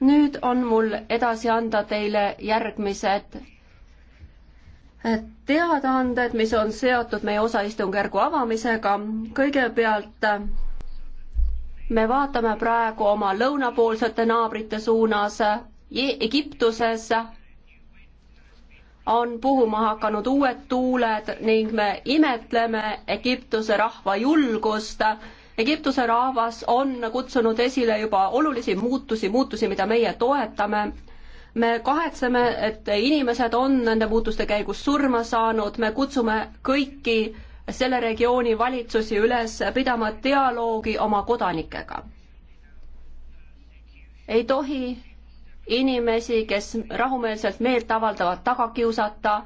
nüüd on mul edasi anda teile järgmised eh, teadaanded, mis on seotud meie osaistungjärgu avamisega. kõigepealt eh, me vaatame praegu oma lõunapoolsete naabrite suunas e. Egiptuses on puhuma hakanud uued tuuled ning me imetleme Egiptuse rahva julgust Egiptuse rahvas on kutsunud esile juba olulisi muutusi, muutusi, mida meie toetame. me kahetseme, et inimesed on nende muutuste käigus surma saanud, me kutsume kõiki selle regiooni valitsusi üles pidama dialoogi oma kodanikega. ei tohi inimesi, kes rahumeelselt meelt avaldavad, taga kiusata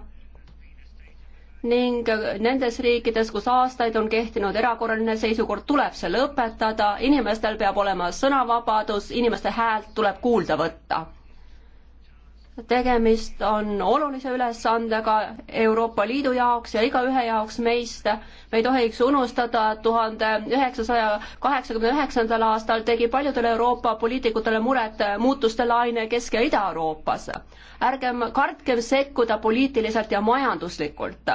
ning nendes riikides, kus aastaid on kehtinud erakorraline seisukord, tuleb see lõpetada, inimestel peab olema sõnavabadus, inimeste häält tuleb kuulda võtta tegemist on olulise ülesandega Euroopa Liidu jaoks ja igaühe jaoks meist. me ei tohiks unustada, et tuhande üheksasaja kaheksakümne üheksandal aastal tegi paljudele Euroopa poliitikutele muret muutuste laine Kesk- ja Ida-Euroopas. ärgem kartkem sekkuda poliitiliselt ja majanduslikult.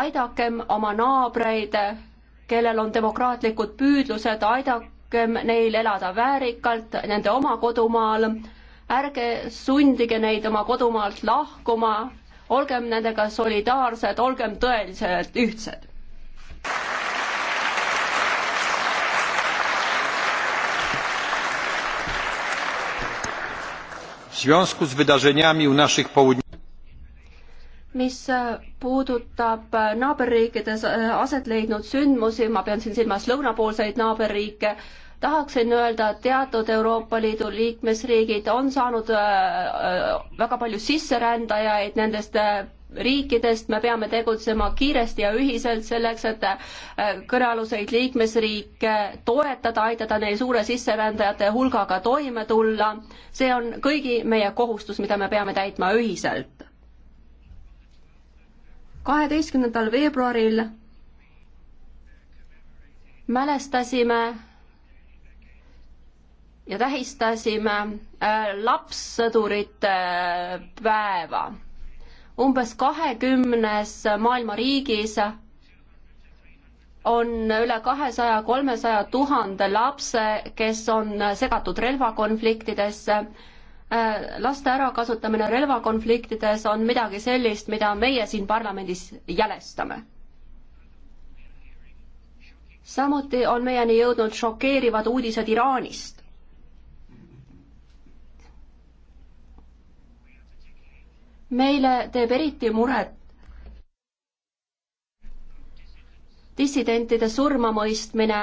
aidakem oma naabreid, kellel on demokraatlikud püüdlused, aidakem neil elada väärikalt nende oma kodumaal ärge sundige neid oma kodumaalt lahkuma, olgem nendega solidaarsed, olgem tõeliselt ühtsed. mis e, puudutab e, naaberriikides e, aset leidnud sündmusi, ma pean siin silmas lõunapoolseid naaberriike, tahaksin öelda, et teatud Euroopa Liidu liikmesriigid on saanud äh, äh, väga palju sisserändajaid nendest äh, riikidest, me peame tegutsema kiiresti ja ühiselt selleks, et kõnealuseid liikmesriike toetada, aidata neil suure sisserändajate hulgaga toime tulla. see on kõigi meie kohustus, mida me peame täitma ühiselt. kaheteistkümnendal veebruaril mälestasime ja tähistasime äh, lapssõdurite äh, päeva. umbes kahekümnes maailma riigis on üle kahesaja, kolmesaja tuhande lapse, kes on segatud relvakonfliktidesse. Äh, laste ärakasutamine relvakonfliktides on midagi sellist, mida meie siin parlamendis jälestame. samuti on meieni jõudnud šokeerivad uudised Iraanist. meile teeb eriti muret dissidentide surmamõistmine